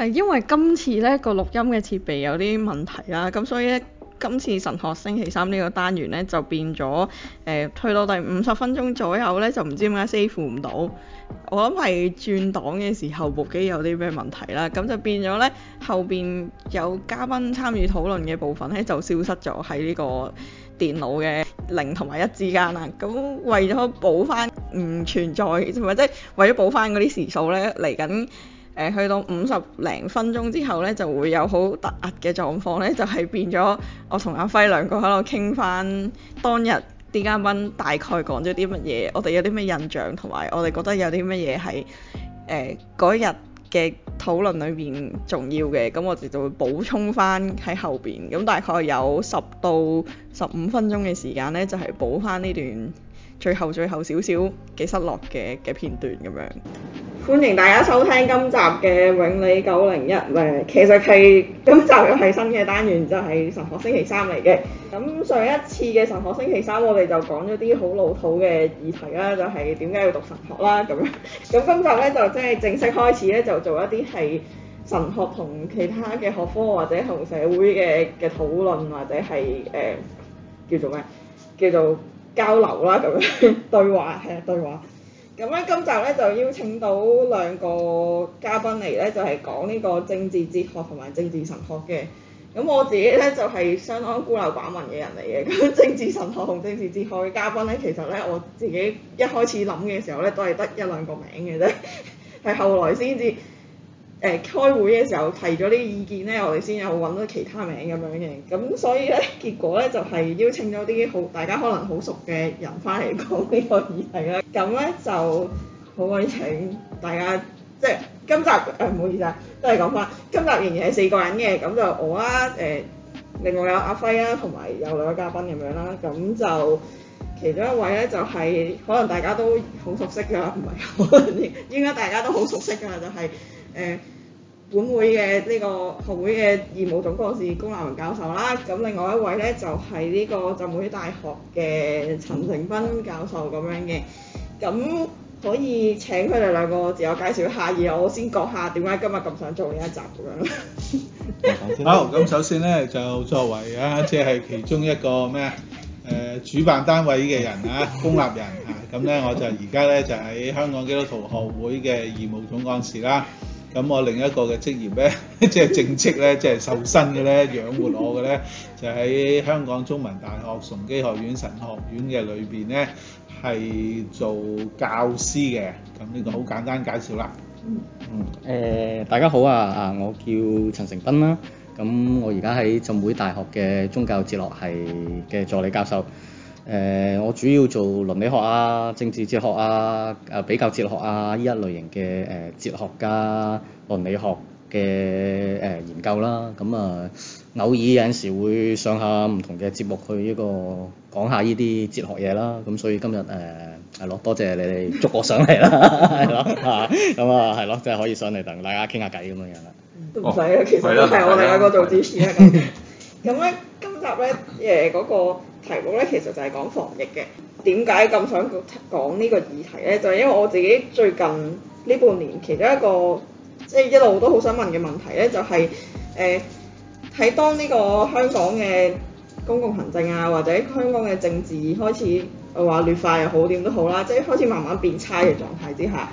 係因為今次咧個錄音嘅設備有啲問題啦，咁所以咧今次神學星期三呢個單元咧就變咗，誒、呃、退到第五十分鐘左右咧就唔知點解 save 唔到，我諗係轉檔嘅時候部機有啲咩問題啦，咁就變咗咧後邊有嘉賓參與討論嘅部分咧就消失咗喺呢個電腦嘅零同埋一之間啦，咁為咗補翻唔存在，或者為咗補翻嗰啲時數咧嚟緊。誒、呃、去到五十零分鐘之後呢，就會有好突兀嘅狀況呢，就係、是、變咗我同阿輝兩個喺度傾翻當日啲嘉賓大概講咗啲乜嘢，我哋有啲咩印象，同埋我哋覺得有啲乜嘢係誒嗰日嘅討論裏面重要嘅，咁我哋就會補充翻喺後邊。咁大概有十到十五分鐘嘅時間呢，就係、是、補翻呢段最後最後少少嘅失落嘅嘅片段咁樣。歡迎大家收聽今集嘅《永理九零一》咧，其實係今集又係新嘅單元，就係、是、神學星期三嚟嘅。咁、嗯、上一次嘅神學星期三，我哋就講咗啲好老土嘅議題啦，就係點解要讀神學啦咁樣。咁今集咧就即係正式開始咧，就做一啲係神學同其他嘅學科或者同社會嘅嘅討論，或者係誒、呃、叫做咩叫做交流啦咁樣對話，係啊對話。咁咧今集咧就邀請到兩個嘉賓嚟咧，就係講呢個政治哲學同埋政治神學嘅。咁我自己咧就係、是、相當孤陋寡聞嘅人嚟嘅。咁 政治神學同政治哲學嘅嘉賓咧，其實咧我自己一開始諗嘅時候咧，都係得一兩個名嘅啫，係 後來先至。誒開會嘅時候提咗啲意見咧，我哋先有搵到其他名咁樣嘅，咁所以咧結果咧就係、是、邀請咗啲好大家可能好熟嘅人翻嚟講呢個議題啦。咁咧就好歡迎大家，即係今集誒唔、呃、好意思啊，都係講翻今集仍然係四個人嘅，咁就我啦，誒、呃，另外有阿輝啦，同埋有兩個嘉賓咁樣啦，咁就其中一位咧就係、是、可能大家都好熟悉㗎，唔係可能應該大家都好熟悉㗎，就係、是、誒。呃本會嘅呢個學會嘅義務總幹事龔立人教授啦，咁另外一位咧就係呢個浸會大學嘅陳成斌教授咁樣嘅，咁可以請佢哋兩個自我介紹一下，然後我先講下點解今日咁想做呢一集咁樣。 好，咁首先咧就作為啊，即、就、係、是、其中一個咩誒、呃、主辦單位嘅人啊，龔立人啊，咁咧我就而家咧就喺香港基督徒學會嘅義務總幹事啦。咁我另一個嘅職業咧，即係正職咧，即係受薪嘅咧，養活我嘅咧，就喺、是、香港中文大學崇基學院神學院嘅裏邊咧，係做教師嘅。咁呢個好簡單介紹啦。嗯。誒、呃，大家好啊！啊，我叫陳成斌啦。咁我而家喺浸會大學嘅宗教哲學系嘅助理教授。誒、欸，我主要做倫理學啊、政治哲學啊、誒比較哲學啊呢一類型嘅誒哲學家、倫理學嘅誒、欸、研究啦。咁、嗯、啊，偶爾有陣時會上下唔同嘅節目去呢個講下呢啲哲學嘢啦。咁、嗯、所以今日誒係咯，多謝你哋捉我上嚟啦，係咯嚇。咁啊係咯，真係可以上嚟同大家傾下偈咁樣樣啦、哦。都唔使，其實都係我哋兩個做主持咁嘅。咁咧，今集咧誒嗰個。題目咧其實就係講防疫嘅，點解咁想講呢個議題呢？就係、是、因為我自己最近呢半年，其中一個即係、就是、一路都好想問嘅問題呢，就係誒喺當呢個香港嘅公共行政啊，或者香港嘅政治開始話、呃、劣化又好點都好啦，即係開始慢慢變差嘅狀態之下。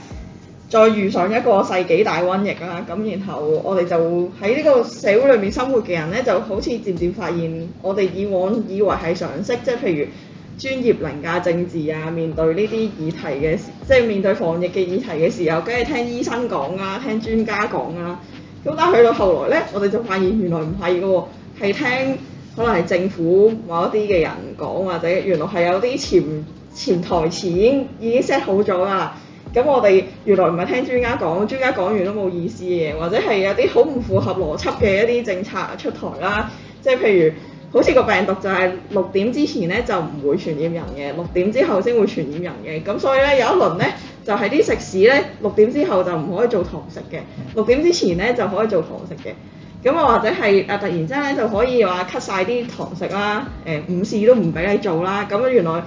再遇上一個世紀大瘟疫啊！咁然後我哋就喺呢個社會裏面生活嘅人呢，就好似漸漸發現，我哋以往以為係常識，即係譬如專業凌駕政治啊，面對呢啲議題嘅，即係面對防疫嘅議題嘅時候，梗係聽醫生講啊，聽專家講啊。咁但係去到後來呢，我哋就發現原來唔係噶喎，係聽可能係政府某一啲嘅人講，或者原來係有啲潛潛台詞已經已經 set 好咗啦。咁我哋原來唔係聽專家講，專家講完都冇意思嘅，或者係有啲好唔符合邏輯嘅一啲政策出台啦，即係譬如好似個病毒就係六點之前咧就唔會傳染人嘅，六點之後先會傳染人嘅，咁所以咧有一輪咧就係啲食肆咧六點之後就唔可以做堂食嘅，六點之前咧就可以做堂食嘅，咁啊或者係啊突然之間就可以話 cut 曬啲堂食啦，誒、呃、午市都唔俾你做啦，咁原來。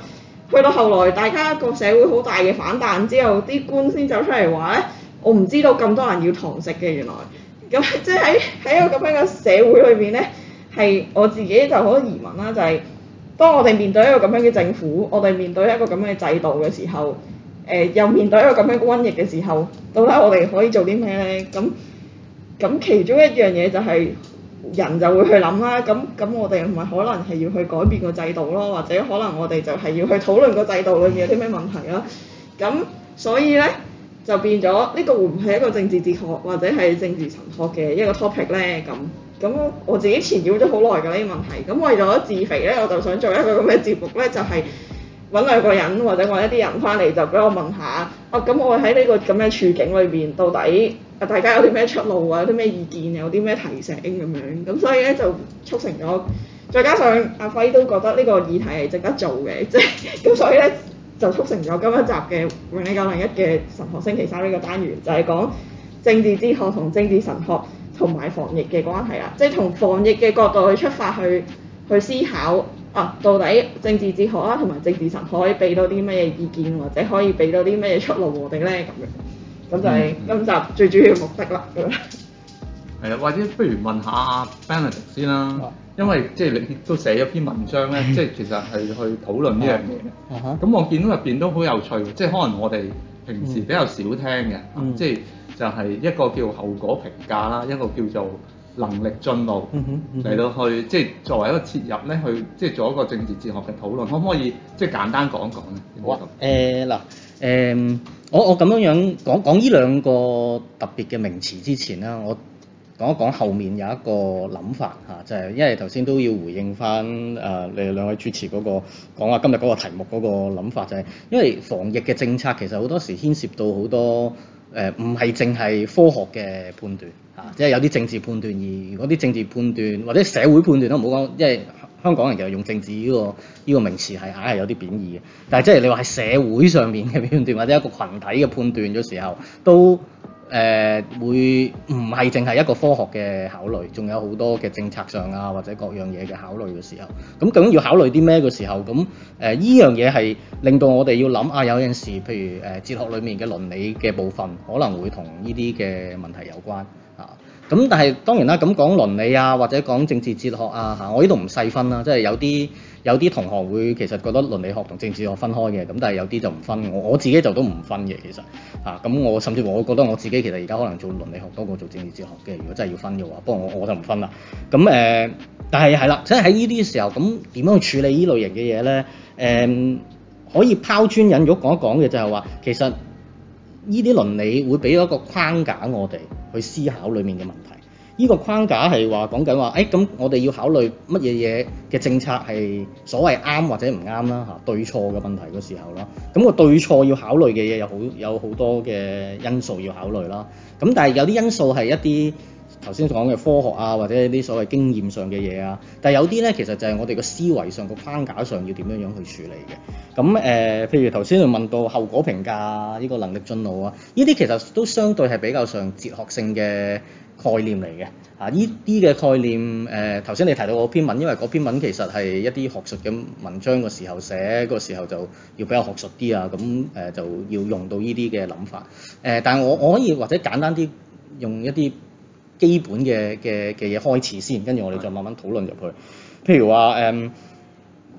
去到後來，大家個社會好大嘅反彈之後，啲官先走出嚟話咧：我唔知道咁多人要堂食嘅原來。咁即係喺喺一個咁樣嘅社會裏面咧，係我自己就好多疑問啦，就係當我哋面對一個咁樣嘅政府，我哋面對一個咁樣嘅制度嘅時候，誒又面對一個咁樣嘅瘟疫嘅時候，到底我哋可以做啲咩咧？咁咁其中一樣嘢就係。人就會去諗啦，咁咁我哋唔係可能係要去改變個制度咯，或者可能我哋就係要去討論個制度裏面有啲咩問題囉。咁所以呢，就變咗呢、這個會唔係一個政治哲學或者係政治神學嘅一個 topic 呢。咁咁我自己纏繞咗好耐㗎呢啲問題。咁為咗自肥呢，我就想做一個咁嘅節目呢，就係、是、揾兩個人或者揾一啲人翻嚟就俾我問下，哦、啊、咁我喺呢、這個咁嘅處境裏面到底，大家有啲咩出路啊？有啲咩意見？有啲咩提醒咁樣咁，所以咧就促成咗。再加上阿輝都覺得呢個議題係值得做嘅，即係咁，所以咧就促成咗今一集嘅《永你教另一嘅神學星期三》呢個單元，就係、是、講政治哲學同政治神學同埋防疫嘅關係啊。即係從防疫嘅角度去出發去，去去思考啊，到底政治哲學啊同埋政治神學可以俾到啲咩意見，或者可以俾到啲咩出路我哋咧咁樣。咁就係今集最主要的目的啦。係 啊，或者不如問下 Benedict 先啦，因為即係你都寫咗篇文章咧，即係其實係去討論呢樣嘢。咁、嗯嗯、我見到入邊都好有趣，即係可能我哋平時比較少聽嘅，嗯嗯、即係就係一個叫後果評價啦，一個叫做能力進路嚟到去，即係作為一個切入咧去，即係做一個政治哲學嘅討論，可唔可以即係簡單講一講咧？哇，嗱、嗯，誒、呃。呃呃呃呃呃我我咁樣樣講講呢兩個特別嘅名詞之前啦，我講一講後面有一個諗法嚇，就係因為頭先都要回應翻誒你哋兩位主持嗰個講話今日嗰個題目嗰個諗法，就係因為防疫嘅政策其實好多時牽涉到好多。誒唔係淨係科學嘅判斷嚇、啊，即係有啲政，政治判斷，而嗰啲政治判斷或者社會判斷都唔好講，因為香港人其實用政治呢、這個呢、這個名詞係硬係有啲貶義嘅，但係即係你話係社會上面嘅判斷或者一個群體嘅判斷嘅時候都。誒，會唔係淨係一個科學嘅考慮，仲有好多嘅政策上啊，或者各樣嘢嘅考慮嘅時候，咁究竟要考慮啲咩嘅時候，咁誒，依樣嘢係令到我哋要諗啊，有陣時，譬如誒哲學裏面嘅倫理嘅部分，可能會同呢啲嘅問題有關。咁但係當然啦，咁講倫理啊，或者講政治哲學啊嚇，我呢度唔細分啦，啊，即係有啲有啲同學會其實覺得倫理學同政治學分開嘅，咁但係有啲就唔分，我我自己就都唔分嘅其實，啊咁我甚至乎我覺得我自己其實而家可能做倫理學多過做政治哲學嘅，如果真係要分嘅話，不過我我就唔分啦。咁、嗯、誒，但係係啦，即係喺呢啲時候，咁點樣去處理呢類型嘅嘢咧？誒、嗯，可以拋磚引玉講一講嘅就係話，其實呢啲倫理會俾一個框架我哋。去思考裏面嘅問題，呢個框架係話講緊話：誒，咁我哋要考慮乜嘢嘢嘅政策係所謂啱或者唔啱啦吓，對錯嘅問題嘅時候啦，咁個對錯要考慮嘅嘢有好有好多嘅因素要考慮啦，咁但係有啲因素係一啲。頭先講嘅科學啊，或者一啲所謂經驗上嘅嘢啊，但係有啲咧，其實就係我哋個思維上個框架上要點樣樣去處理嘅。咁誒、呃，譬如頭先你問到後果評價呢個能力進路啊，呢啲其實都相對係比較上哲學性嘅概念嚟嘅。啊，呢啲嘅概念誒，頭、呃、先你提到嗰篇文，因為嗰篇文其實係一啲學術嘅文章個時候寫、個時候就要比較學術啲啊，咁誒就要用到呢啲嘅諗法誒、呃，但係我我可以或者簡單啲用一啲。基本嘅嘅嘅嘢開始先，跟住我哋再慢慢討論入去。譬如話，誒，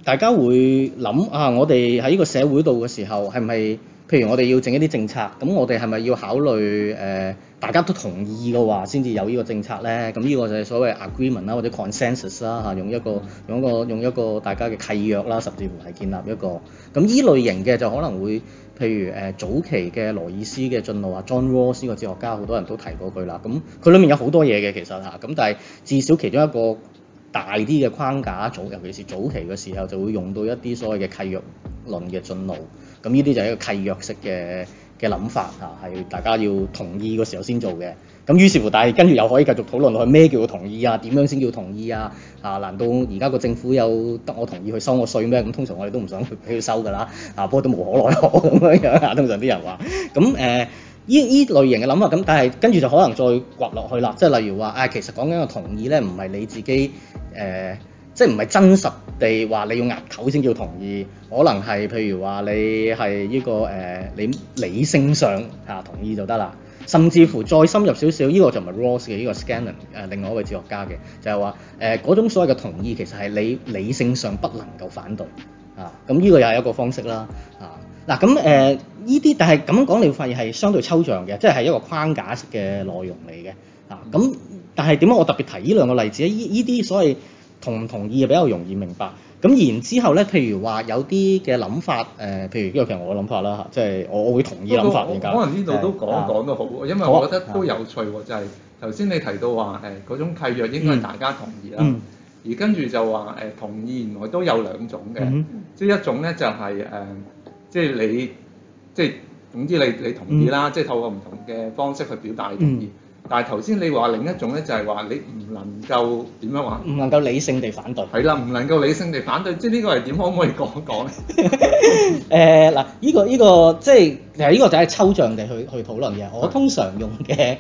大家會諗啊，我哋喺呢個社會度嘅時候，係唔係？譬如我哋要整一啲政策，咁我哋係咪要考慮誒、呃、大家都同意嘅話，先至有呢個政策咧？咁呢個就係所謂 agreement 啦，或者 consensus 啦、啊、嚇，用一個用一個用一個大家嘅契約啦，甚至乎係建立一個。咁依類型嘅就可能會，譬如誒、呃、早期嘅羅爾斯嘅進路啊，John Rawls 個哲學家好多人都提過佢啦。咁佢裏面有好多嘢嘅其實嚇，咁、啊、但係至少其中一個大啲嘅框架組，尤其是早期嘅時候，就會用到一啲所謂嘅契約論嘅進路。咁呢啲就係一個契約式嘅嘅諗法啊，係大家要同意個時候先做嘅。咁於是乎，但係跟住又可以繼續討論落去，咩叫做同意啊？點樣先叫同意啊？啊，難道而家個政府有得我同意去收我稅咩？咁通常我哋都唔想俾佢收㗎啦。啊，不過都無可奈何咁樣樣。通常啲人話，咁誒，依、呃、依類型嘅諗法，咁但係跟住就可能再滑落去啦。即係例如話，啊、哎，其實講緊個同意咧，唔係你自己誒。呃即係唔係真實地話，你用額頭先叫同意，可能係譬如話你係呢、這個誒、呃，你理性上嚇同意就得啦。甚至乎再深入少少，呢、這個就唔係 Ross 嘅呢、這個 Scanlon 另外一位哲學家嘅就係話誒嗰種所謂嘅同意，其實係你理性上不能夠反對啊。咁、這、呢個又係一個方式啦啊。嗱咁誒呢啲，但係咁講，你會發現係相對抽象嘅，即係一個框架式嘅內容嚟嘅啊。咁但係點解我特別提呢兩個例子咧？呢呢啲所謂。同唔同意比較容易明白，咁然之後咧，譬如話有啲嘅諗法，誒、呃，譬如呢個其實我嘅諗法啦，即係我我會同意諗法而家。可能呢度都講講都好，呃、因為我覺得都有趣喎，呃、就係頭先你提到話誒嗰種契約應該係大家同意啦，嗯、而跟住就話誒、呃、同意原來都有兩種嘅、嗯就是呃，即係一種咧就係誒，即係你即係總之你你同意啦，嗯、即係透過唔同嘅方式去表達你同意。但係頭先你話另一種咧，就係、是、話你唔能夠點樣話？唔能夠理性地反對。係啦，唔能夠理性地反對，即係呢個係點？可唔可以講一講咧？誒嗱、 呃，依、這個依、這個即係其實依個就係抽象地去去討論嘅。我通常用嘅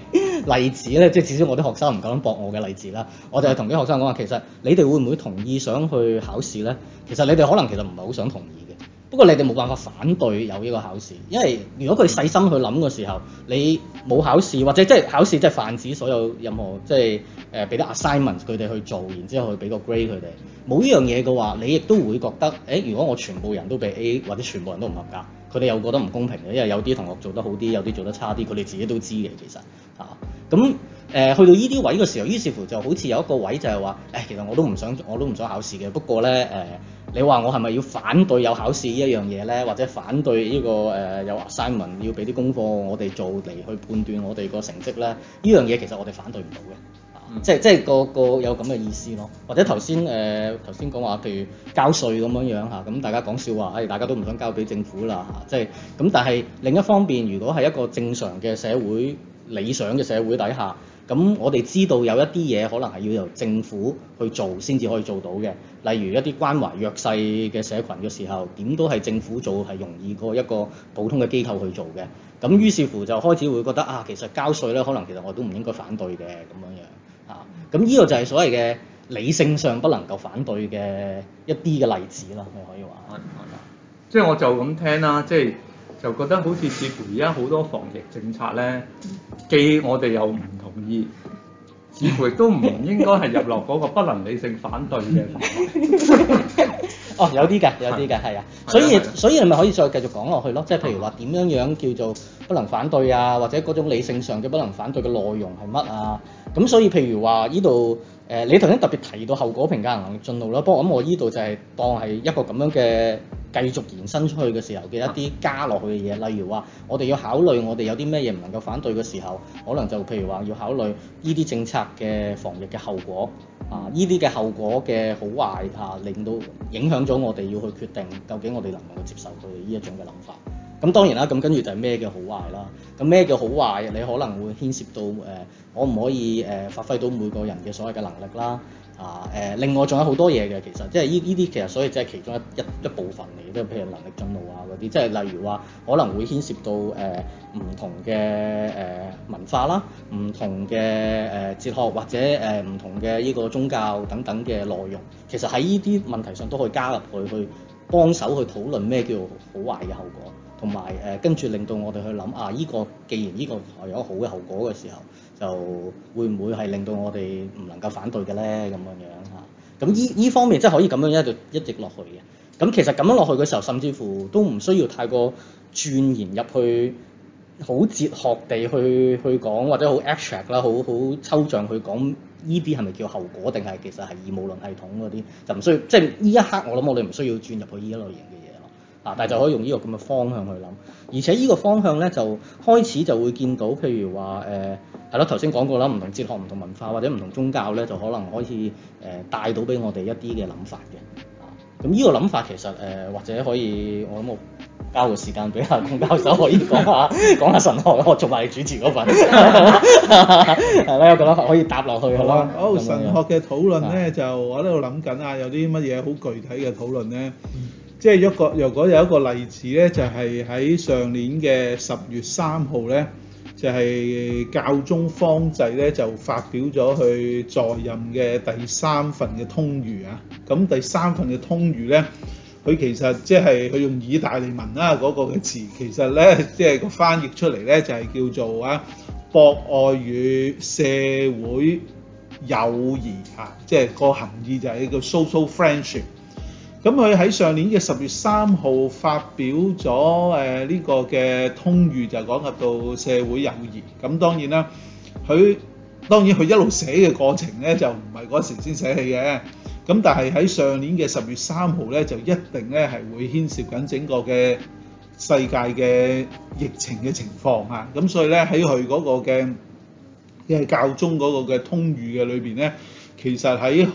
例子咧，的即係至少我啲學生唔夠膽駁我嘅例子啦。我就係同啲學生講話，其實你哋會唔會同意想去考試咧？其實你哋可能其實唔係好想同意嘅。不過你哋冇辦法反對有呢個考試，因為如果佢細心去諗嘅時候，你冇考試或者即係考試即係泛指所有任何即係誒俾啲 assignment 佢哋去做，然之後去俾個 grade 佢哋，冇呢樣嘢嘅話，你亦都會覺得誒，如果我全部人都俾 A 或者全部人都唔合格，佢哋又覺得唔公平嘅，因為有啲同學做得好啲，有啲做得差啲，佢哋自己都知嘅其實嚇咁。啊誒去到呢啲位嘅時候，於是乎就好似有一個位就係話，誒其實我都唔想，我都唔想考試嘅。不過呢，誒、呃、你話我係咪要反對有考試一樣嘢呢？或者反對呢、呢個誒、呃、有 assignment 要俾啲功課我哋做嚟去判斷我哋個成績呢？呢樣嘢其實我哋反對唔到嘅，即係即係個個有咁嘅意思咯。或者頭先誒頭先講話譬如交稅咁樣樣嚇，咁大家講笑話，誒、哎、大家都唔想交俾政府啦嚇、啊，即係咁。但係另一方面，如果係一個正常嘅社會、理想嘅社會底下，咁我哋知道有一啲嘢可能係要由政府去做先至可以做到嘅，例如一啲關懷弱勢嘅社群嘅時候，點都係政府做係容易過一個普通嘅機構去做嘅。咁於是乎就開始會覺得啊，其實交稅咧，可能其實我都唔應該反對嘅咁樣樣嚇。咁，啊，呢個就係所謂嘅理性上不能夠反對嘅一啲嘅例子啦，你可以話。即係我就咁聽啦，即係就覺得好似似乎而家好多防疫政策咧，既我哋又唔。似乎亦都唔應該係入落嗰個不能理性反對嘅範圍。哦，有啲嘅，有啲嘅係啊。所以、 嗯、 所以你咪可以再繼續講落去咯。即係譬如話點樣樣叫做不能反對啊，或者嗰種理性上嘅不能反對嘅內容係乜啊？咁所以譬如話依度誒，你頭先特別提到後果評價衡量進路啦。不過咁我依度就係當係一個咁樣嘅。繼續延伸出去嘅時候嘅一啲加落去嘅嘢，例如話，我哋要考慮我哋有啲咩嘢唔能夠反對嘅時候，可能就譬如話要考慮呢啲政策嘅防疫嘅後果，啊，呢啲嘅後果嘅好壞，嚇、啊、令到影響咗我哋要去決定究竟我哋能唔能夠接受佢呢一種嘅諗法。咁當然啦，咁跟住就係咩嘅好壞啦。咁咩嘅好壞，好壞你可能會牽涉到誒、啊，可唔可以誒、啊、發揮到每個人嘅所謂嘅能力啦？啊誒，另外仲有好多嘢嘅，其實即係呢呢啲其實所以即係其中一一,一部分嚟嘅，即係譬如能力進路啊嗰啲，即係例如話可能會牽涉到誒唔、呃、同嘅誒、呃、文化啦，唔同嘅誒、呃、哲學或者誒唔、呃、同嘅呢個宗教等等嘅內容，其實喺呢啲問題上都可以加入去去幫手去討論咩叫好，好壞嘅後果，同埋誒跟住令到我哋去諗啊呢、呢個既然呢個有好嘅後果嘅時候。就會唔會係令到我哋唔能夠反對嘅咧咁樣樣嚇？咁依依方面即係、就是、可以咁樣一路一直落去嘅。咁其實咁樣落去嘅時候，甚至乎都唔需要太過鑽研入去好哲學地去去講，或者好 abstract 啦，好好抽象去講依啲係咪叫後果，定係其實係義務論系統嗰啲就唔需要。即係呢一刻我諗我哋唔需要轉入去呢一類型嘅。嗱，但就可以用呢個咁嘅方向去諗，而且呢個方向咧就開始就會見到，譬如話誒係咯，頭先講過啦，唔同哲學、唔同文化或者唔同宗教咧，就可能可以誒帶到俾我哋一啲嘅諗法嘅。咁、啊、呢、嗯這個諗法其實誒、呃，或者可以我諗我交個時間俾阿龔教授可以講下， 講下神學，我做埋你主持嗰份，係咯，有個諗法可以搭落去係咯、啊吧哦。神學嘅討論咧，就我喺度諗緊啊，有啲乜嘢好具體嘅討論咧？即係一個若果有一個例子咧，就係喺上年嘅十月三號咧，就係、是、教宗方濟咧就發表咗佢在任嘅第三份嘅通諭啊。咁、嗯、第三份嘅通諭咧，佢其實即係佢用意大利文啦、啊、嗰、那個嘅詞，其實咧即係個翻譯出嚟咧就係、是、叫做啊博愛與社會友誼啊，即係個含義就係呢個 social friendship。咁佢喺上年嘅十月三號發表咗誒呢個嘅通諭，就講及到社會友誼。咁當然啦，佢當然佢一路寫嘅過程咧，就唔係嗰時先寫起嘅。咁但係喺上年嘅十月三號咧，就一定咧係會牽涉緊整個嘅世界嘅疫情嘅情況嚇。咁所以咧喺佢嗰個嘅嘅教宗嗰個嘅通諭嘅裏邊咧，其實喺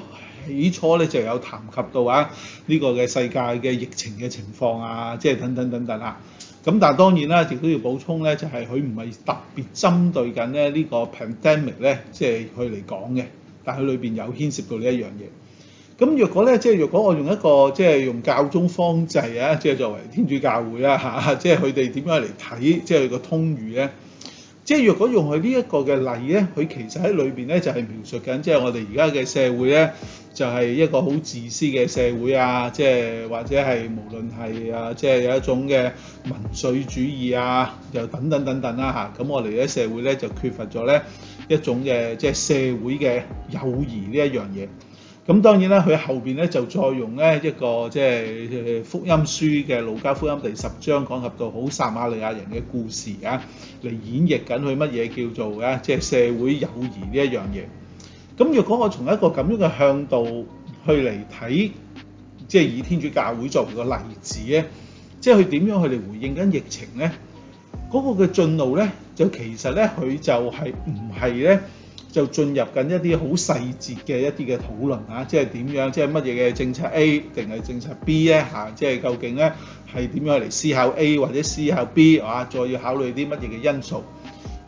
起初咧就有談及到啊，呢、這個嘅世界嘅疫情嘅情況啊，即係等等等等啦、啊。咁但係當然啦，亦都要補充咧，就係佢唔係特別針對緊咧呢個 pandemic 咧，即係佢嚟講嘅，但係佢裏邊有牽涉到呢一樣嘢。咁若果咧，即係若果我用一個即係用教宗方濟啊，即係作為天主教會啊，嚇，即係佢哋點樣嚟睇即係個通諭咧，即係若果用佢呢一個嘅例咧，佢其實喺裏邊咧就係描述緊即係我哋而家嘅社會咧。就係一個好自私嘅社會啊！即係或者係無論係啊，即係有一種嘅民粹主，主義啊，又等等等等啦、啊、嚇。咁、嗯、我哋嘅社會咧就缺乏咗咧一種嘅即係社會嘅友誼呢一樣嘢。咁、嗯、當然啦，佢後邊咧就再用咧一個即係福音書嘅路加福音第十章講及到好撒瑪利亞人嘅故事啊，嚟演繹緊佢乜嘢叫做啊即係社會友誼呢一樣嘢。咁若果我從一個咁樣嘅向度去嚟睇，即係以天主教會作為個例子咧，即係佢點樣去嚟回應緊疫情咧？嗰、嗰個嘅進路咧，就其實咧佢就係唔係咧，就進入緊一啲好細節嘅一啲嘅討論嚇，即係點樣，即係乜嘢嘅政策 A 定係政策 B 咧嚇、啊？即係究竟咧係點樣嚟思考 A 或者思考 B 啊？再要考慮啲乜嘢嘅因素，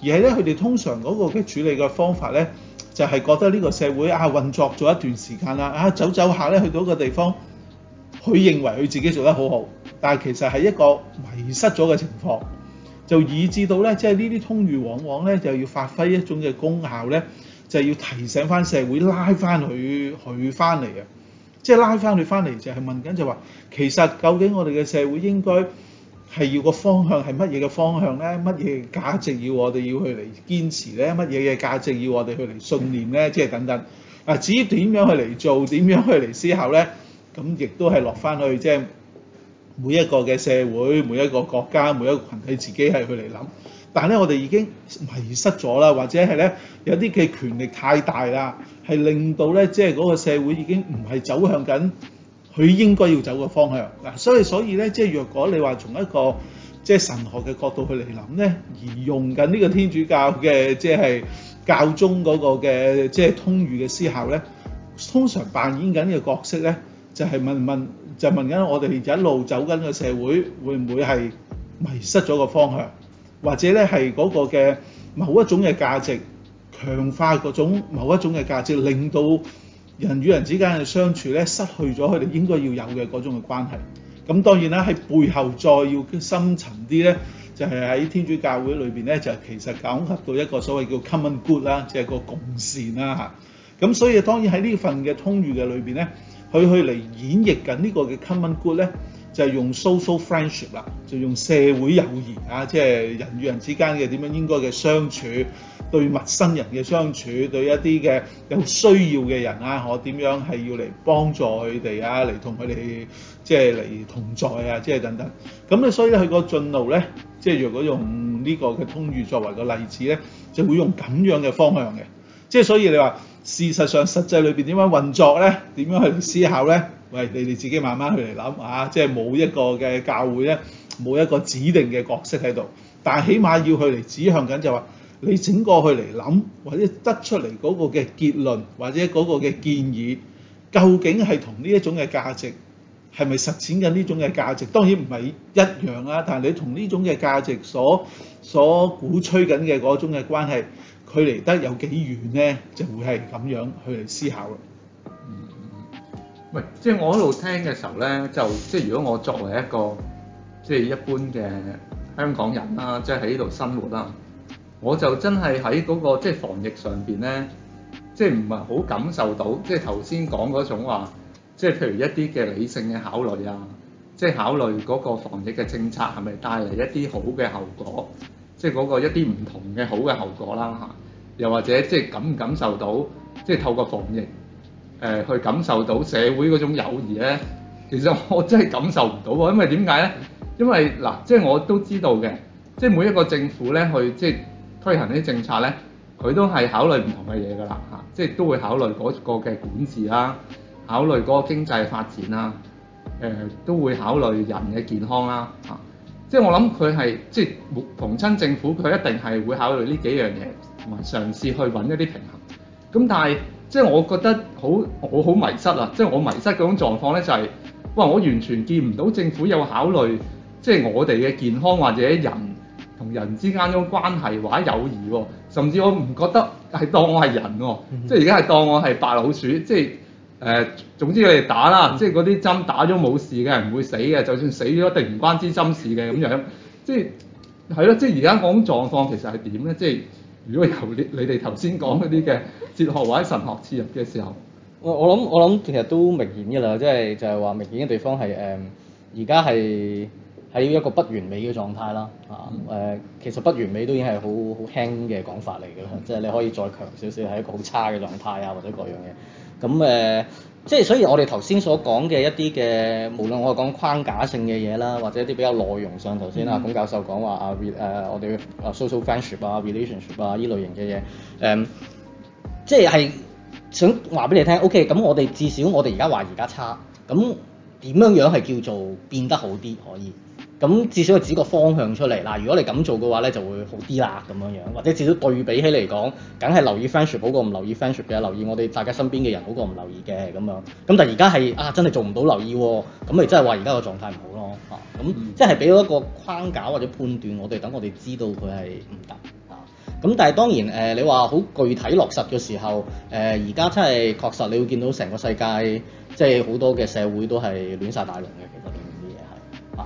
而係咧佢哋通常嗰個嘅處理嘅方法咧。就係覺得呢個社會啊運作咗一段時間啦，啊走走下咧去到一個地方，佢認為佢自己做得好好，但係其實係一個迷失咗嘅情況，就以致到咧即係呢啲通諭往往咧就要發揮一種嘅功效咧，就係、是、要提醒翻社會拉翻佢佢翻嚟啊，即係、就是、拉翻佢翻嚟就係問緊就話、是，其實究竟我哋嘅社會應該？係要個方向係乜嘢嘅方向咧？乜嘢價值要我哋要去嚟堅持咧？乜嘢嘅價值要我哋去嚟信念咧？即係等等。啊，至於點樣去嚟做，點樣去嚟思考咧？咁亦都係落翻去即係每一個嘅社會、每一個國家、每一個群體自己係去嚟諗。但係咧，我哋已經迷失咗啦，或者係咧有啲嘅權力太大啦，係令到咧即係嗰個社會已經唔係走向緊。佢應該要走個方向嗱，所以所以咧，即係若果你話從一個即係神學嘅角度去嚟諗咧，而用緊呢個天主教嘅即係教宗嗰個嘅即係通諭嘅思考咧，通常扮演緊嘅角色咧，就係、係、問、就係、問就問緊我哋一路走緊嘅社會會唔會係迷失咗個方向，或者咧係嗰個嘅某一種嘅價值強化嗰種某一種嘅價值，令到，人與人之間嘅相處咧，失去咗佢哋應該要有嘅嗰種嘅關係。咁當然啦，喺背後再要深層啲咧，就係喺天主教會裏邊咧，就其實講合到一個所謂叫 common good 啦，即係個共善啦嚇。咁所以當然喺呢份嘅通諭嘅裏邊咧，佢去嚟演繹緊呢個嘅 common good 咧，就係用 social friendship 啦，就用社會友誼啊，即係人與人之間嘅點樣應該嘅相處。對陌生人嘅相處，對一啲嘅有需要嘅人啊，我點樣係要嚟幫助佢哋啊？嚟同佢哋即係嚟同在啊，即係等等。咁、啊、咧，所以咧佢個進路咧，即係如果用呢個嘅通諭作為個例子咧，就會用咁樣嘅方向嘅。即係所以你話事實上實際裏邊點樣運作咧？點樣去思考咧？喂，你哋自己慢慢去嚟諗啊！即係冇一個嘅教會咧，冇一個指定嘅角色喺度，但係起碼要佢嚟指向緊就話、是。你整過去嚟諗，或者得出嚟嗰個嘅結論，或者嗰個嘅建議，究竟係同呢一種嘅價值係咪實踐緊呢種嘅價值？當然唔係一樣啦，但係你同呢種嘅價值所所鼓吹緊嘅嗰種嘅關係，佢離得有幾遠咧？就會係咁樣去嚟思考啦。嗯嗯。喂，即係我喺度聽嘅時候咧，就即係如果我作為一個即係一般嘅香港人啦，即係喺呢度生活啦。我就真係喺嗰個即係防疫上邊咧，即係唔係好感受到，即係頭先講嗰種話，即係譬如一啲嘅理性嘅考慮啊，即係考慮嗰個防疫嘅政策係咪帶嚟一啲好嘅後果，即係嗰個一啲唔同嘅好嘅後果啦嚇。又或者即係感唔感受到，即係透過防疫誒去感受到社會嗰種友誼咧，其實我真係感受唔到喎，因為點解咧？因為嗱，即係我都知道嘅，即係每一個政府咧去即係，推行呢啲政策咧，佢都係考慮唔同嘅嘢㗎啦嚇，即係都會考慮嗰個嘅管治啦，考慮嗰個經濟發展啦，誒、呃、都會考慮人嘅健康啦嚇、啊。即係我諗佢係即係同親政府，佢一定係會考慮呢幾樣嘢，同埋嘗試去揾一啲平衡。咁但係即係我覺得好，我好迷失啊！即係我迷失嗰種狀況咧，就係哇，我完全見唔到政府有考慮即係我哋嘅健康或者人。同人之間嗰種關係，或者友誼喎，甚至我唔覺得係當我係人喎，即係而家係當我係白老鼠，即係誒、呃，總之佢哋打啦，即係嗰啲針打咗冇事嘅，係唔會死嘅，就算死咗，一定唔關枝針事嘅咁樣，即係係咯，即係而家嗰種狀況其實係點咧？即係如果由你你哋頭先講嗰啲嘅哲學或者神學切入嘅時候，我我諗我諗其實都明顯㗎啦，即係就係、係、話明顯嘅地方係誒，而家係。喺一個不完美嘅狀態啦，啊誒、嗯，其實不完美都已經係好好輕嘅講法嚟嘅，啦、嗯，即係你可以再強少少，係一個好差嘅狀態啊，或者各樣嘢。咁誒、呃，即係所以我哋頭先所講嘅一啲嘅，無論我係講框架性嘅嘢啦，或者一啲比較內容上，頭先啊龔教授講話啊誒、啊，我哋 social friendship 啊 relationship 啊呢類型嘅嘢，誒、嗯，即係係想話俾你聽，OK，咁我哋至少我哋而家話而家差，咁點樣樣係叫做變得好啲可以？咁至少係指個方向出嚟嗱，如果你咁做嘅話咧，就會好啲啦咁樣樣，或者至少對比起嚟講，梗係留意 friendship 好過唔留意 friendship 嘅，留意我哋大家身邊嘅人好過唔留意嘅咁樣。咁但係而家係啊，真係做唔到留意喎，咁咪真係話而家個狀態唔好咯。啊，咁、嗯嗯、即係俾到一個框架或者判斷，我哋等我哋知道佢係唔得。啊，咁但係當然誒、呃，你話好具體落實嘅時候，誒而家真係確實你會見到成個世界，即係好多嘅社會都係亂晒大籠嘅其實。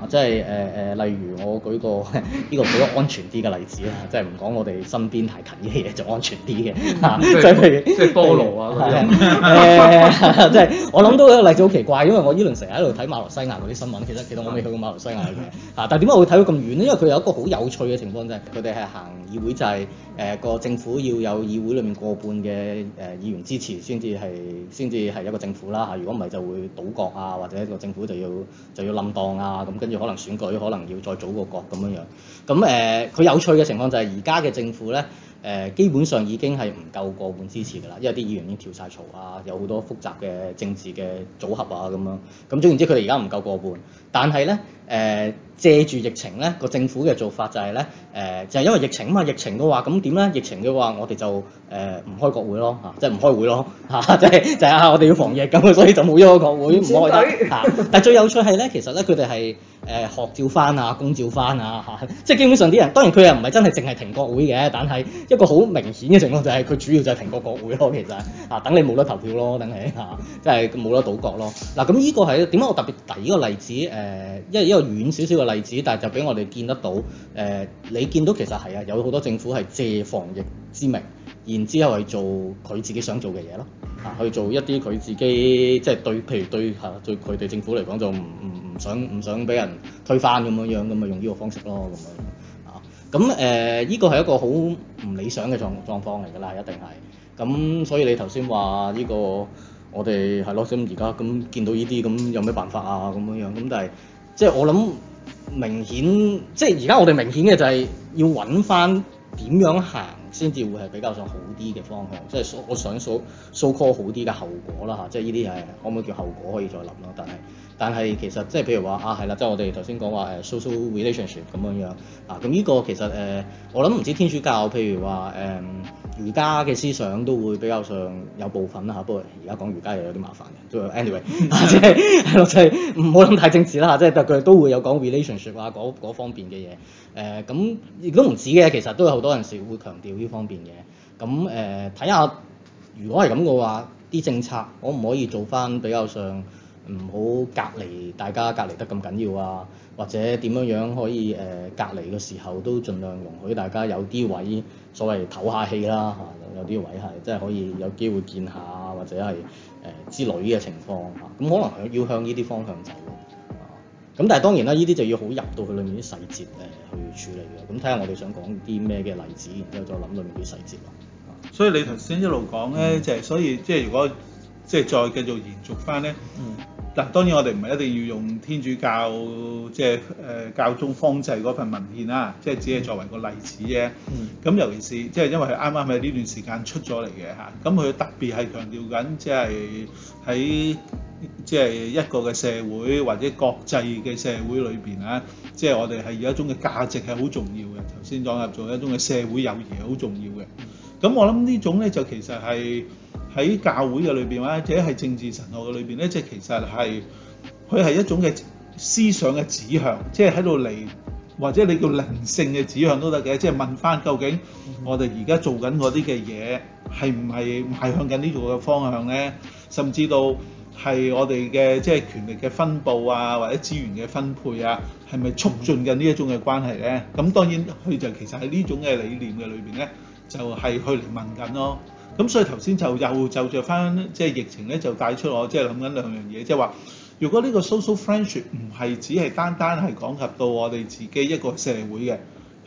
即係誒誒，例如我舉個呢、這個比較安全啲嘅例子啦，即係唔講我哋身邊太近嘅嘢就安全啲嘅， 就是、即啊， 呃、即係即係菠蘿啊嗰，即係我諗到一個例子好奇怪，因為我依輪成日喺度睇馬來西亞嗰啲新聞，其實其實我未去過馬來西亞嘅，嚇，但係點解我會睇到咁遠咧？因為佢有一個好有趣嘅情況，就係佢哋係行議會制、就是。誒個、呃、政府要有議會裏面過半嘅誒、呃、議員支持，先至係先至係一個政府啦嚇。如果唔係就會倒閣啊，或者一個政府就要就要冧檔啊。咁跟住可能選舉，可能要再組個閣咁樣樣。咁誒佢有趣嘅情況就係而家嘅政府咧，誒、呃、基本上已經係唔夠過半支持㗎啦。因為啲議員已經跳晒槽啊，有好多複雜嘅政治嘅組合啊咁樣。咁、嗯、總言之，佢哋而家唔夠過半，但係咧誒，呃借住疫情咧，個政府嘅做法就係、是、咧，誒、呃、就係、是、因為疫情啊嘛。疫情嘅話咁點咧？疫情嘅話，我哋就誒唔、呃、開國會咯，嚇、啊，即係唔開會咯，嚇，即係就係、是、我哋要防疫咁啊，所以就冇咗個國會唔開得、啊、但係最有趣係咧，其實咧佢哋係誒學照翻啊，公照翻啊，嚇、啊，即係基本上啲人，當然佢又唔係真係淨係停國會嘅，但係一個好明顯嘅情況就係佢主要就係停個國，國會咯，其實啊，等你冇得投票咯，等係嚇，即係冇得賭國咯。嗱、啊，咁呢個係點解我特別提呢個例子？誒、呃，因為一個遠少少嘅例子。例子，但係就俾我哋見得到誒、呃，你見到其實係啊，有好多政府係借防疫之名，然之後係做佢自己想做嘅嘢咯，啊，去做一啲佢自己即係對，譬如對嚇、啊、對佢哋政府嚟講就唔唔唔想唔想俾人推翻咁樣樣，咁咪用呢個方式咯，咁樣啊，咁誒呢個係一個好唔理想嘅狀狀況嚟㗎啦，一定係咁，所以你頭先話呢個我哋係咯，咁而家咁見到呢啲咁有咩辦法啊咁樣樣咁，但係即係我諗。明顯，即係而家我哋明顯嘅就係要揾翻點樣行先至會係比較上好啲嘅方向，即係我想數數 call 好啲嘅後果啦嚇，即係呢啲係可唔可以叫後果可以再諗啦？但係但係其實即係譬如話啊係啦，即係說說係我哋頭先講話誒 social relationship 咁樣樣啊，咁呢個其實誒、呃、我諗唔知天主教譬如話誒。嗯儒家嘅思想都會比較上有部分啦嚇，不過而家講儒家又有啲麻煩嘅，都係 Anyway，即係即係唔好諗太政治啦嚇，即係但係佢哋都會有講 relationship 啊嗰方面嘅嘢誒，咁亦都唔止嘅，其實都有好多人時會強調呢方面嘅咁誒，睇下、呃、如果係咁嘅話，啲政策可唔可以做翻比較上唔好隔離大家隔離得咁緊要啊？或者點樣樣可以誒、呃、隔離嘅時候都盡量容許大家有啲位所謂唞下氣啦嚇，有啲位係真係可以有機會見下或者係誒、呃、之類嘅情況嚇，咁、啊嗯、可能係要向呢啲方向走咁、啊、但係當然啦，呢啲就要好入到去裏面啲細節誒去處理嘅。咁、啊、睇下我哋想講啲咩嘅例子，然之後再諗裏面啲細節咯。啊、所以你頭先一路講咧、嗯，就係所以即係如果即係再繼續延續翻咧。嗯嗱，當然我哋唔係一定要用天主教即係誒教宗方濟嗰份文獻啦，即係只係作為個例子啫。咁、嗯、尤其是即係、就是、因為佢啱啱喺呢段時間出咗嚟嘅嚇，咁佢特別係強調緊即係喺即係一個嘅社會或者國際嘅社會裏邊啊，即係我哋係有一種嘅價值係好重要嘅。頭先講入做一種嘅社會友誼係好重要嘅。咁、嗯、我諗呢種咧就其實係，喺教會嘅裏邊或者係政治神學嘅裏邊咧，即係其實係佢係一種嘅思想嘅指向，即係喺度嚟或者你叫靈性嘅指向都得嘅，即係問翻究竟我哋而家做緊嗰啲嘅嘢係唔係邁向緊呢個嘅方向咧？甚至到係我哋嘅即係權力嘅分佈啊，或者資源嘅分配啊，係咪促進緊呢一種嘅關係咧？咁當然佢就其實喺呢種嘅理念嘅裏邊咧，就係去嚟問緊咯。咁所以頭先就又就着翻即係疫情咧，就帶出我即係諗緊兩樣嘢，即係話如果呢個 social friendship 唔係只係單單係講及到我哋自己一個社會嘅，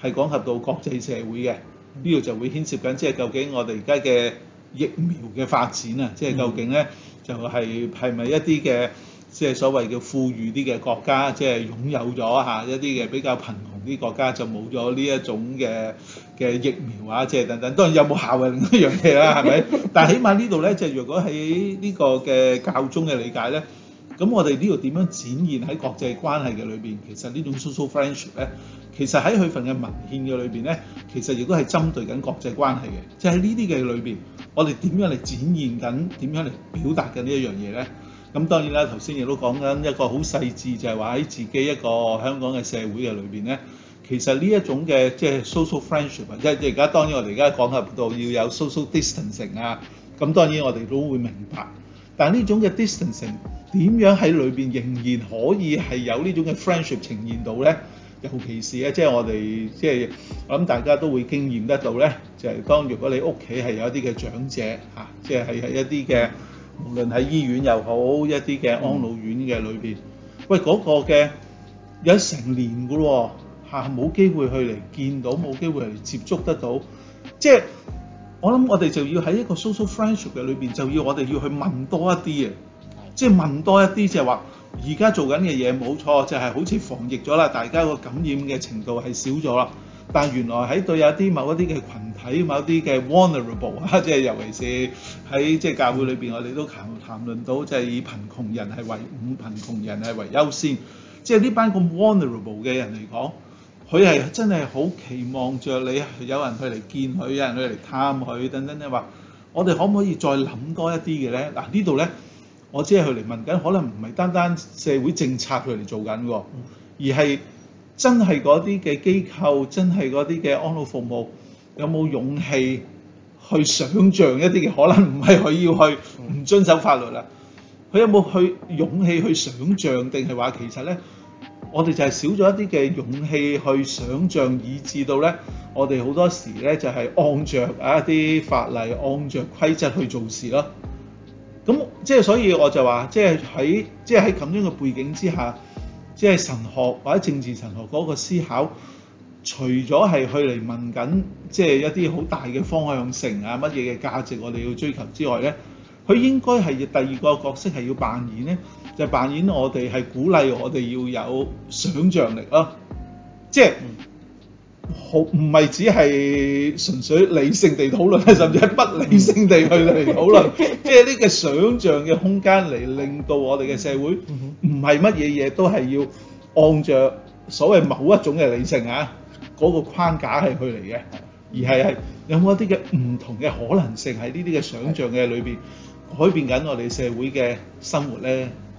係講及到國際社會嘅，呢度就會牽涉緊即係究竟我哋而家嘅疫苗嘅發展啊，即係究竟咧就係係咪一啲嘅？即係所謂叫富裕啲嘅國家，即係擁有咗嚇一啲嘅比較貧窮啲國家就冇咗呢一種嘅嘅疫苗啊，即係等等。當然有冇效係另一樣嘢啦，係咪？但係起碼呢度咧，即係如果喺呢個嘅教宗嘅理解咧，咁我哋呢度點樣展現喺國際關係嘅裏邊？其實呢種 social friendship 咧，其實喺佢份嘅文獻嘅裏邊咧，其實亦都係針對緊國際關係嘅。即係喺呢啲嘅裏邊，我哋點樣嚟展現緊？點樣嚟表達緊呢一樣嘢咧？咁當然啦，頭先亦都講緊一個好細緻，就係話喺自己一個香港嘅社會嘅裏邊咧，其實呢一種嘅即係 social friendship，即係而家當然我哋而家講下到要有 social distancing 啊。咁當然我哋都會明白，但係呢種嘅 distancing 點樣喺裏邊仍然可以係有呢種嘅 friendship 呈現到咧？尤其是咧，即係我哋即係我諗大家都會經驗得到咧，就係當如果你屋企係有一啲嘅長者嚇，即係係一啲嘅。無論喺醫院又好，一啲嘅安老院嘅裏邊，嗯、喂嗰、嗰個嘅有成年噶咯，嚇、啊、冇機會去嚟見到，冇機會嚟接觸得到，即係我諗我哋就要喺一個 social friendship 嘅裏邊，就要我哋要去問多一啲嘅，即係問多一啲，即係話而家做緊嘅嘢冇錯，就係、是、好似防疫咗啦，大家個感染嘅程度係少咗啦。但原來喺度有啲某一啲嘅群體，某啲嘅 vulnerable 啊，即係尤其是喺即係教會裏邊，我哋都談談論到，即係以貧窮人係為伍，貧窮人係為優先。即係呢班咁 vulnerable 嘅人嚟講，佢係真係好期望着你有人去嚟見佢，有人去嚟探佢，等等。你話我哋可唔可以再諗多一啲嘅咧？嗱，呢度咧，我只係佢嚟問緊，可能唔係單單社會政策佢嚟做緊喎，而係。真係嗰啲嘅機構，真係嗰啲嘅安老服務，有冇勇氣去想像一啲嘅可能？唔係佢要去唔遵守法律啦。佢有冇去勇氣去想像？定係話其實咧，我哋就係少咗一啲嘅勇氣去想像，以致到咧，我哋好多時咧就係按著一啲法例、按着規則去做事咯。咁即係所以我就話，即係喺即係喺咁樣嘅背景之下。即係神學或者政治神學嗰個思考，除咗係去嚟問緊，即係一啲好大嘅方向性啊，乜嘢嘅價值我哋要追求之外咧，佢應該係第二個角色係要扮演咧，就扮演我哋係鼓勵我哋要有想象力啊，即係。好唔係只係純粹理性地討論咧，甚至係不理性地去嚟討論。 即係呢個想像嘅空間嚟令到我哋嘅社會唔係乜嘢嘢都係要按着所謂某一種嘅理性啊嗰個框架係去嚟嘅，而係係有冇一啲嘅唔同嘅可能性喺呢啲嘅想像嘅裏邊改變緊我哋社會嘅生活咧？